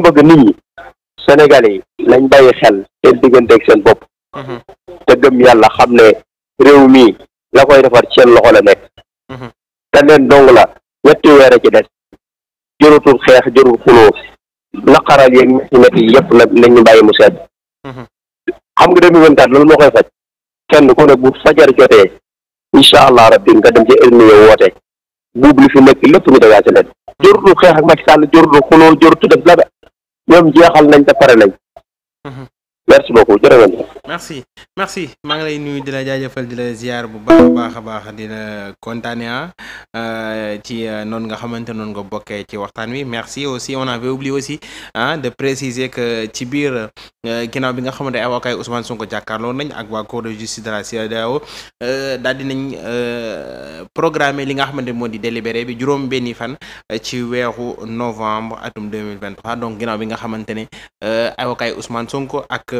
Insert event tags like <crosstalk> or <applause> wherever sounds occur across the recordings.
dama bëgg nit ñi Sénégalais yi nañ bàyyi xel seen diggante ak seen bopp mm-hmm. te gëm yàlla xam ne réew mii la koy defar seen loxo la nekk mm-hmm. te leen dong la ñetti weer a ci des jërutul xeex jërul xuloo naqaral yeeg ñetti ñetti yëpp nag nañ ñu bàyyi mu sedd mm-hmm. xam nga demi vingt-quatre loolu def la ñoom jeexal nañ te pare nañ merci beaucoup jërë ngeen maa ngi lay nuyu di la jaajëfal di la ziar bu baax a baax a di la kontaane ah euh, ci euh, noonu nga xamante noonu nga bokkee ci waxtaan wi merci aussi on avait oublié aussi ah, de préciser que ci biir euh, ginaaw bi nga xamante ne avocat yi Ousmane Sonko jàkkaarloo nañ ak waa cour de justice de la CEDEAO daal dinañ programme li nga xamante moo di délibéré bi juróom benni fan ci weeru novembre atum 2023 donc ginnaaw bi nga xamante ne avocat yi Ousmane ak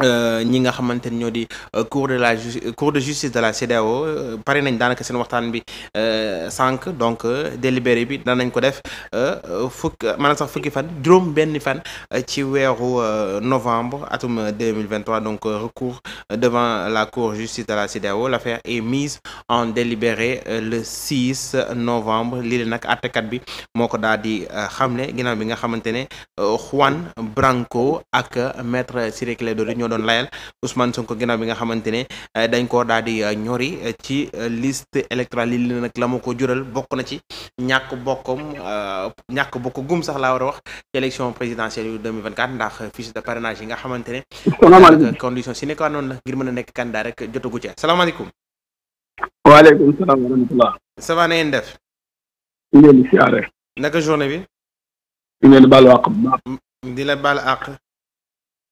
Euh, ñi nga xamante ni ñoo di euh, cour de la cour de justice de la CEDEAO euh, pare nañ daanaka seen waxtaan bi sànq donc délibéré bi nañ ko def fukk maanaam sax fukki fan juróom benn fan ci weeru novembre atum 2023 donc recours devant la cour de justice de la CEDEAO l'affaire est mise en délibéré le 6 novembre lii nag àttekat bi moo ko daal di xamle ginnaaw bi nga xamante ne Juan Branco ak maître Ciré Clédor Ly doon layal Ousmane Sonko ginnaaw bi nga xamante ne eh, dañ koo daal di eh, ñori eh, ci liste électorale li nag la ma ko jural bokk na ci ñàkk bokkom ñàkk bokk gum sax laa war a wax ci élection présidentielle yu 2024 ndax fiche de parrainage yi nga xamante ne. condition sine qua non la ngir mën a nekk candidat rek jotagu ci asalaamaaleykum. waaleykum salaam wa rahmatulah. ça va na ngeen def. ñu journée bi. ñu ngi leen di baalu àq àq.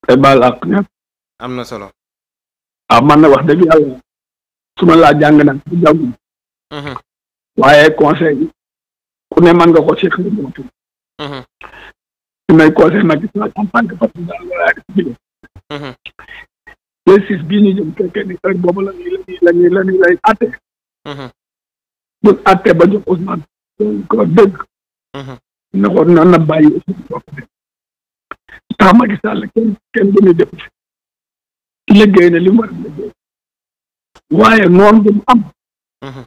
te am na solo. waaw ah, man na wax dëgg yàlla su ma laa jàng nag bu jàngul. Mhm. waaye conseil yi ku ne mën nga ko ci xarit boobu. Mhm. su may conseil nag gis mhm. bii ñu jëm fekkee ni heure boobu la ñuy la ñuy la ñuy lay ba jox Ousmane ko dëgg. na ko na na bàyyi Ousmane tax kenn kenn du ñu liggéey na li mu war a liggéey waaye noonu du am mhm.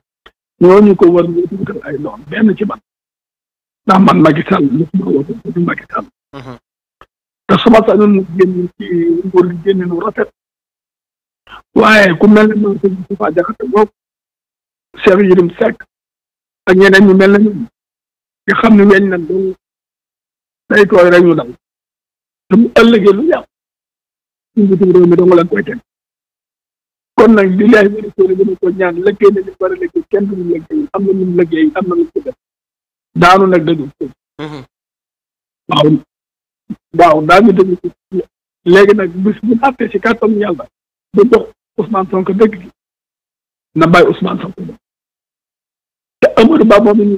ñooñu ko war ñu dugal ay noon benn ci man ndax man Macky Sall lépp ma woote du Macky Sall mhm. te gi génn nu rafet waaye ku mel ne man sëñ Moustapha Diakhaté mel na ñoom nga xam ne weñ nañ doon day tooy rek ñu dal te mu lu yàqu njiitum réew mi dong koy teg kon nag li laay wéri sóore dina ko ñaan lëggéey na li war a lëggéey kenn du ñu lëggéey am na ñu lëggéey am na lu ko daanu nag dëgg mhm. waaw waaw daañu dëgg léegi nag bis bu àttee si kàttan yàlla ba jox Ousmane Sonko dëgg gi na bàyyi Ousmane Sonko dëgg te Amadou moom la ñu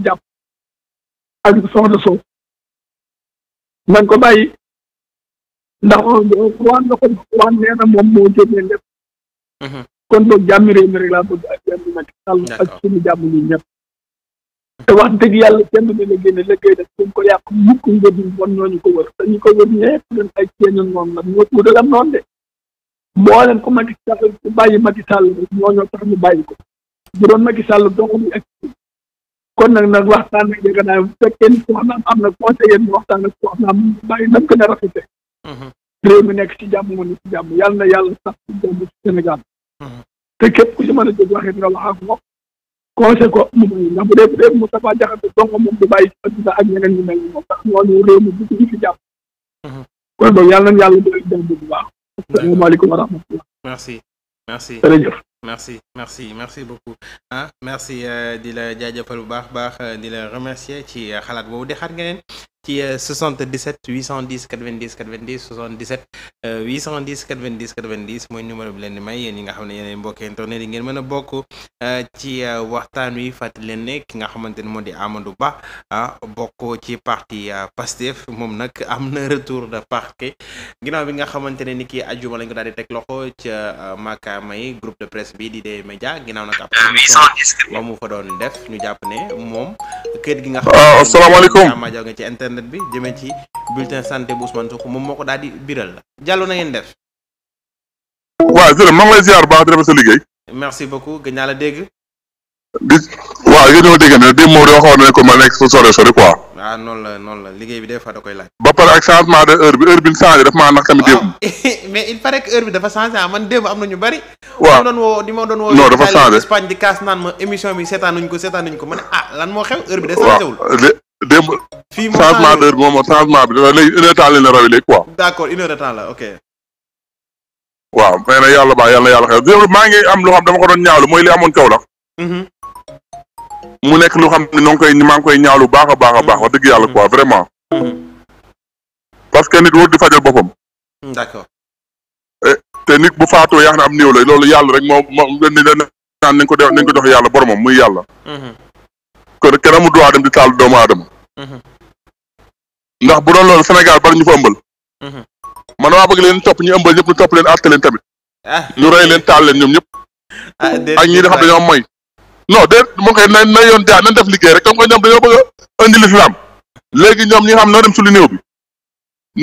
ak soxna Sow nañ ko bàyyi ndax waan nga ko waan moom moo jógee lépp. Mhm. kon boog jàmmi réew mi rek laa bëgg ak jàmmi Macky Sall ak suñu jàmm wax dëgg yàlla kenn du la génne ko yàq mukk ngóob ñu ñu ko wër ñu ko wër ñëpp dañ ay ceeñu noonu la ñoo de. boo leen ko Macky Sall ku bàyyi Macky Sall rek ñoo ñoo tax ñu bàyyi ko. bu doon Macky Sall dong kon nag nag waxtaan ak jege naa bu fekkee ni soxnaam am na conseiller mu waxtaan ak soxnaam bàyyi na mu gën a rafetee. Mm-hmm. réew mi nekk ci jàmm mu ci jàmm yàlla na yàlla sax ci jàmm ci Sénégal mm-hmm. te képp ku ci mën a jóg waxit nga wax ak moom conseil ko mu bàyyi ndax bu dee bu dee Moustapha Diakhaté donc moom du mm-hmm. yàlla na yàlla dool jàmm bu baax asalaamaaleykum wa rahmatullah merci merci merci merci merci beaucoup ah merci euh, di la jaajëfal bu baax baax euh, di la remercier ci euh, xalaat boobu di xaar ngeen ci 77 810 90 90 77 810 90 90 mooy numéro bi leen di may yéen ñi nga xam ne yéenay mbokk internet yi ngeen mën a bokk euh, ci euh, waxtaan wi fàttali leen ne moo di Amadou Ba ah bokk ci parti euh, Pastef moom nag am na retour de parquet ginnaaw bi nga xamante ne ni ki ajuma nga ko daal di teg loxo ca makaama yi groupe de presse bi di dee média ginnaaw nag ab émission ba mu fa doon def ñu jàpp ne moom kër gi nga ah, xam ne asalaamaaleykum internet bi jëmee ci bulletin santé bu Ousmane Sonko moom moo ko daal di biral la jàllo na ngeen def. waaw jërëjëf maa ma nekk sore sore quoi. waaw ah, noonu la noonu ba pare ak changement de heure bi heure bi ñu changé daf maa nax tamit démb. <laughs> mais il paraît que heure bi dafa changé ah man démb am na ñu bari. waaw doon woo dafa changé Espagne di kaas naan ma émission bi seetaanuñ ko seetaanuñ ko ma ne ah lan moo xew heure de changé démb. fii moom changement d'heure moom changement bi dafa léegi une heure temps lañ na rawi léegi quoi. d'accord une heure de temps la ok. waaw xëy na yàlla baax yàlla yàlla xew démb maa ngi am loo xam dama ko doon ñaawlu mooy li amoon kaw la. Mm-hmm. mu nekk lu xam ne noo ngi koy maa ngi koy ñaawlu baax a baax a baax wax dëgg yàlla quoi mm-hmm. vraiment. Mm-hmm. parce que nit wóor di fajal boppam. Mm, eh, te nit bu faatoo yaa xam ne am néew la loolu yàlla rek moo moo naan nañ ko def nañ ko jox yàlla boromam muy yàlla. kon kenn amul droit dem di taal aadama. Mhm. ndax bu doon loolu Sénégal bari ñu fa ëmbal. Mhm. man waa bëgg leen topp ñu ëmbal ñëpp ñu topp leen àtte leen tamit. Ah. ñu rey leen taal leen ñoom ñëpp. Ah, ak ñi nga xam dañoo mooy. non moo koy na na yoon jaar nañ def liggéey rek comme que ñoom dañoo bëgg a ñoom ñi nga xam noo dem sulu néew bi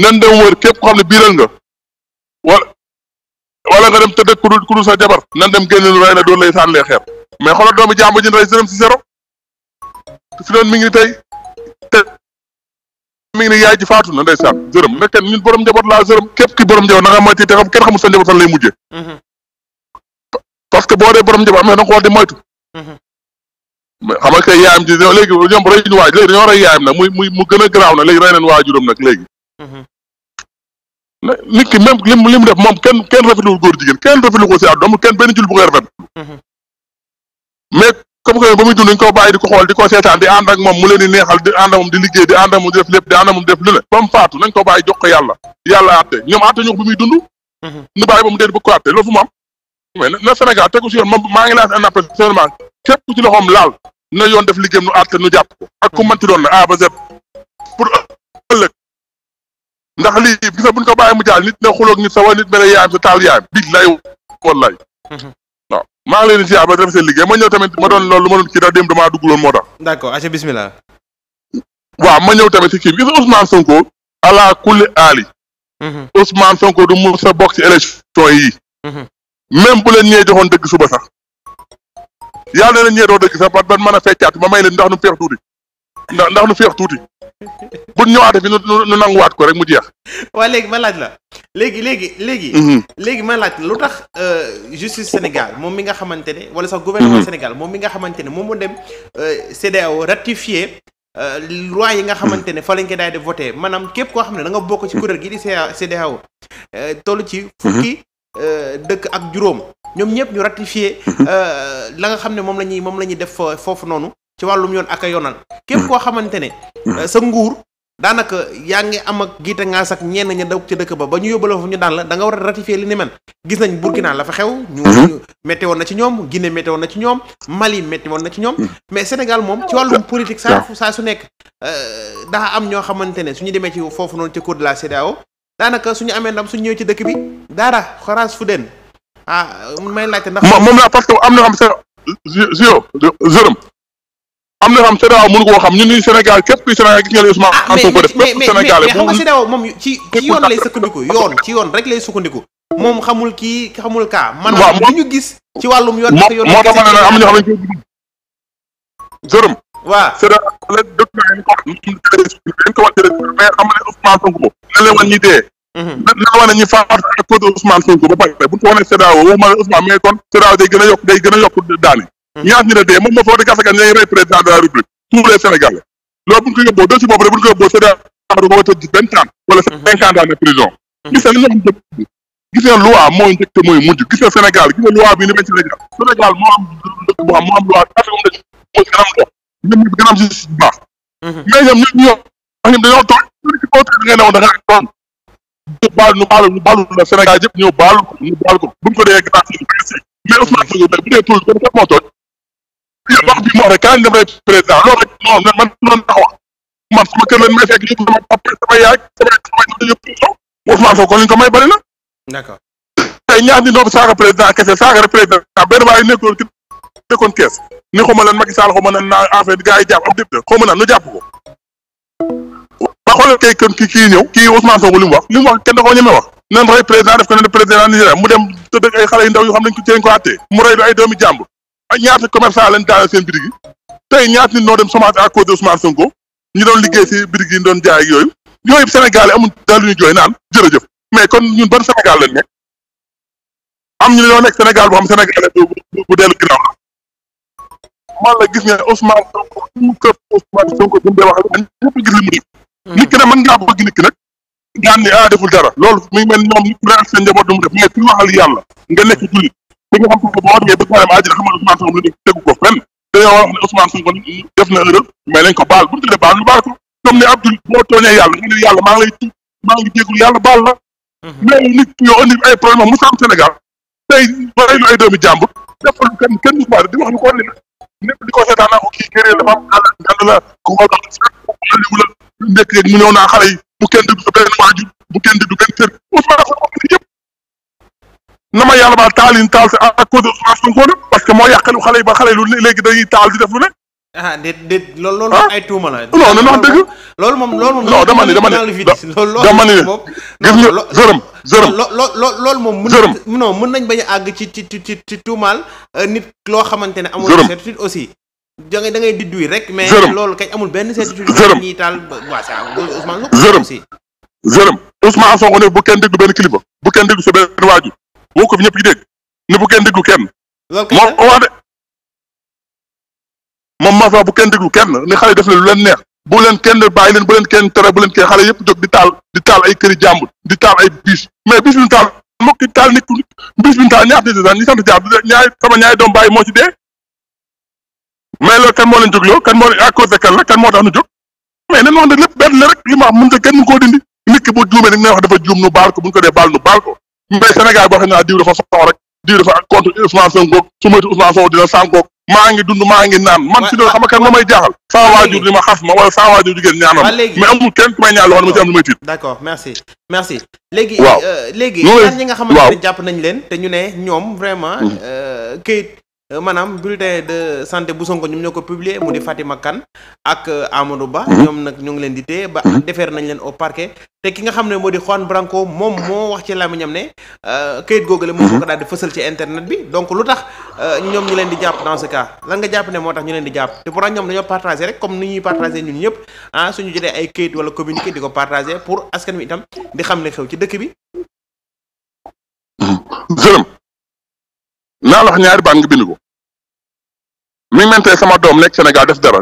nan dem wër képp koo xam ne biiral nga wala wala nga dem te ku dul ku dul sa jabar nan dem génn lu rey la doon lay sànnilee xeer mais xoolal doomu jàmb ji rey si zéro fi doon mi ngi tey mi ngi ne yaay ji faatu na ndeysaan jërëm nekken ñun borom njaboot laa jërëm képp ki borom njaboot na nga moytu te xam kenn xamul fan lay mujjee mm-hmm. parce que boo dee borom njaboot amee da nga ko war di moytu mm-hmm. mais xam nga kay ji léegi ñoom rey waaj léegi dañoo rey yaayam nag mu gën a garaaw léegi rey neen waajuram nag léegi mm-hmm. nit ki même li mu def moom kenn kenn rafetlu góor jigéen kenn rafetlu ko si àdduna amul kenn benn jul bu rafet xam nga ba muy dund ñu ko bàyyi di ko xool di ko seetaan di ànd ak moom mu leen di neexal di ànd ak moom di liggéey di ànd ak moom di def lépp di ànd ak moom di def lu ba mu faatu nañ ko bàyyi jox ko yàlla yàlla àtte ñoom àtte ñu ko bi muy dund mhm. ñu bàyyi ba mu dee bëgg ko àtte loolu fu mu am mais na Sénégal tegu si yoon moom maa ngi lancé loxoom laal na yoon def liggéeyam nu àtte nu jàpp ko ak ku mënti doon na A ba Z pour ëllëg ndax lii gis nga buñ ko bàyyi mu jaal nit na xuloog nit sa wa nit mere yaayam sa taal yaayam billaay wallaay mhm. maa ngi leen di ziar ba dem seen liggéey ma ñëw tamit ma doon loolu lu ma doon kii daal démb damaa dugg moo tax. d'accord aca bismillah. waaw ma ñëw tamit si kii bi gis Ousmane Sonko. ala kulli aali. Mhm. Ousmane Sonko du mu sa bokk ci élection yi. Mhm. même bu leen ñee joxoon dëgg suba sax. yàlla na leen ñee doo dëgg sax ba man mën a feccaat ma may leen ndax nu feex tuuti. ndax ndax nu feex tuuti. bu ñëwaatee fi nu nu nanguwaat ko rek mu jeex. waa léegi ma laaj la léegi léegi léegi. Mhm. léegi ma laaj lu tax euh, justice Sénégal moom mi nga xamante ne. wala sax gouvernement mhm. Sénégal moom mi nga xamante ne moom moo dem euh, CEDEAO ratifié. Euh, loi yi nga mhm. xamante ne fa lañ ko daal de voté maanaam képp koo xam ne da nga bokk ci kuréel gi di CEDEAO toll ci fukki dëkk ak juróom ñoom ñëpp ñu ratifié la nga xam ne moom la ñuy moom la ñuy def foofu noonu ci wàllum yoon ak a képp koo xamante ne. sa nguur daanaka yaa ngi am ak giite ngaas ak ñenn ña daw ci dëkk ba ba ñu yóbbu la fa ñu daan la da nga war a li ni mel. gis nañ Burkina la fa xew. ñu woon na ci ñoom gine métti woon na ci ñoom Mali métti woon na ci ñoom. mais Sénégal moom ci wàllum politique. saa saa su nekk daa am ñoo xamante ne su ñu demee ci foofu noonu ci cour de la CEDEAO daanaka su ñu amee ndam su ñu ñëwee ci dëkk bi dara xaraas fu den ah may laajte ndax. moom moom la parce que am na am sa zéro zéro am na xam CEDEAO mënu koo xam ñun ñuy Sénégal képp kuy Sénégal gis nga li Ousmane ah, Sonko def képp Sénégalais mais xam nga moom ci ci yoon lay sukkandiku yoon ci yoon ñu gis ci wàllum yoon ak moo tax ma ne am na ñoo xam ne jërëm waaw CEDEAO la ko dañ ko mais na ñi dee mhm. mais kon CEDEAO day gën a yokk day gën a yokk daani ñaar ñi la dee moom moo fa war a gasagal ñooy rey président de la république tous les sénégalais loolu bu ñu ko yóbboo dossier boobu rek bu ñu ko yóbboo sédda du ko war a tëdd vingt ans wala cinquante ans de prison gis na li ñoo xam ne gis na loi mooy njëkk te mooy mujj gis na Sénégal gis na loi bi ni bañ Sénégal Sénégal moo am dëkk boo xam moo am loi dafa moom dañ moo si gën a am dox ñoom ñëpp gën a am justice bu baax mais ñoom ñëpp ñoo wax ñoom dañoo tooñ ci kaw da ngay newoon da nga tooñ ñu baal ñu baal ñu baalu la Sénégal yëpp ñëw baalu ko ñu baal ko bu ñu ko dee gënaa mais Ousmane Sonko bu dee tuul kon kan moo tooñ yow wax bi mu wax rek kañ dem rek président loolu man man tax wax man sama kër lañ may fekk ñu sama papa sama yaay bari na. d'accord tey ñaar ñi doon saaga président kese saaga rek président ah, ma lan Macky Sall xaw ma nan naa affaire gars yi jàpp am député xaw ma nan nu jàpp kii ñëw mu wax li mu wax kenn da koo ñeme wax nan rey président dem tëdd ay xale yu ndaw yu xam nañ ko ko àttee mu rey bi ay doomi jàmbur ay ñaata commercant lañ daal seen bitig yi tey ñaata nit noo dem chômage à cause de Ousmane Sonko ñu doon liggéey si bitig yi doon jaay ak yooyu yooyu yëpp Sénégal yi amul daal lu jooy naan jërëjëf mais kon ñun ban Sénégal lañ nekk am ñu ñoo nekk Sénégal boo xam Sénégal bu bu bu man la gis nga Ousmane Sonko mu këpp Ousmane Sonko bu mu wax ak ñëpp gis li mu def. ki nag mën ah, dara loolu mi ngi mel ñoom ñu ngi ak mais ku waxal yàlla nga nekk jullit ñi nga xam Sonko boo waxee bëgg naa dem àjjana xamal Ousmane Sonko lu tegu ko fenn dañoo wax ne Ousmane Sonko def na erreur mais nañ ko baal bu ñu tuddee baal ñu baal ko ne Abdoul boo tooñee yàlla yàlla maa ngi lay tuub maa la mhm. mais nit yoo indi ay problème mu saam Sénégal tey waraylu ay doomi jàmbur defal kenn kenn musuwaa di wax ñu ko leen lépp di ko seetaan naa ko kii kéré dafa am àll ngand la ku mu ñëw naa xale yi bu kenn déglu sa benn waajur bu kenn déglu benn kër Ousmane na ma yàlla baal taalin taal si à cause de Ousmane Sonko la parce que moo yàqalu xale yi ba xale lu léegi dañuy taal di def lu ne. Ah, loolu loolu ah? ay tuuma la. non non wax dëgg. loolu moom loolu moom. non dama ne dama ne dama ne gis nga jërëm jërëm. lo lo loolu moom. jërëm non mën nañ bañ a àgg ci ci ci ci euh, loo xamante ne. amul da ngay da ngay déduit rek. mais loolu kay amul benn certitude. jërëm ñuy taal waa ça Ousmane Sonko aussi. jërëm jërëm Ousmane Sonko ne bu kenn déglu benn kilifa bu kenn déglu sa benn waajur woo ko fi ñëpp di dégg ne bu kenn déglu kenn. loolu moo ko wax de moom mafia bu kenn déglu kenn ni xale def leen lu leen neex bu leen kenn bàyyi leen bu leen kenn bu leen kenn xale yëpp jóg di taal di taal ay këri jàmbur di taal ay bis mais bis mbokk yi taal nit ku bis bi ñu taal ñaata sama ñaari doom bàyyi moo ci dee. mais loolu kan moo leen jógloo kan moo à cause de kan la kan moo tax ñu jóg mais nañ wax ne lépp benn la rek li ma wax mënut kenn koo dindi nit ki bu juumee dañ ne wax dafa juum nu baal ko bu ñu ko dee baal nu baal ko mais Sénégal boo xam ne diw dafa faw rek diw dafa contre Ousmane Sonko su dina sànkoog maa ngi dund maa ngi naan man fi doon xam nga may jaaxal saa waajur di ma xas ma wala saa waajur jigéen ñaanal ma mais amul kenn ku may ñaan ma ci am lu may tiit d'accord merci léegi euh, léegi ñi nga xamante ne jàpp nañ leen te ñu ne ñoom vraiment mm-hmm. euh, këyit Euh, maanaam bulletin de santé bu Sonko ñoom ñoo ko publier mu di Fatima Kane ak euh, Amadou Ba mhm. ñoom nag ñoo ngi leen di téye ba mhm. defeer nañ leen au parquet te ki nga xam ne moo di Juan Branco moom moo wax ci làmmiñam ne euh, kayit googu la moom mhm. ko daal di fësal ci internet bi donc lu tax ñoom ñu leen di jàpp dans ce cas lan nga jàpp ne moo tax ñu leen di jàpp te pourtant ñoom dañoo partagé rek comme ni ñuy partagé ñun ñëpp ah suñu jotee ay kayit wala communiqué di ko partagé pour askan wi itam di xam ne xew ci dëkk bi naa la wax ñaari baat nga bind mi ngi mente sama doom nekk Sénégal def dara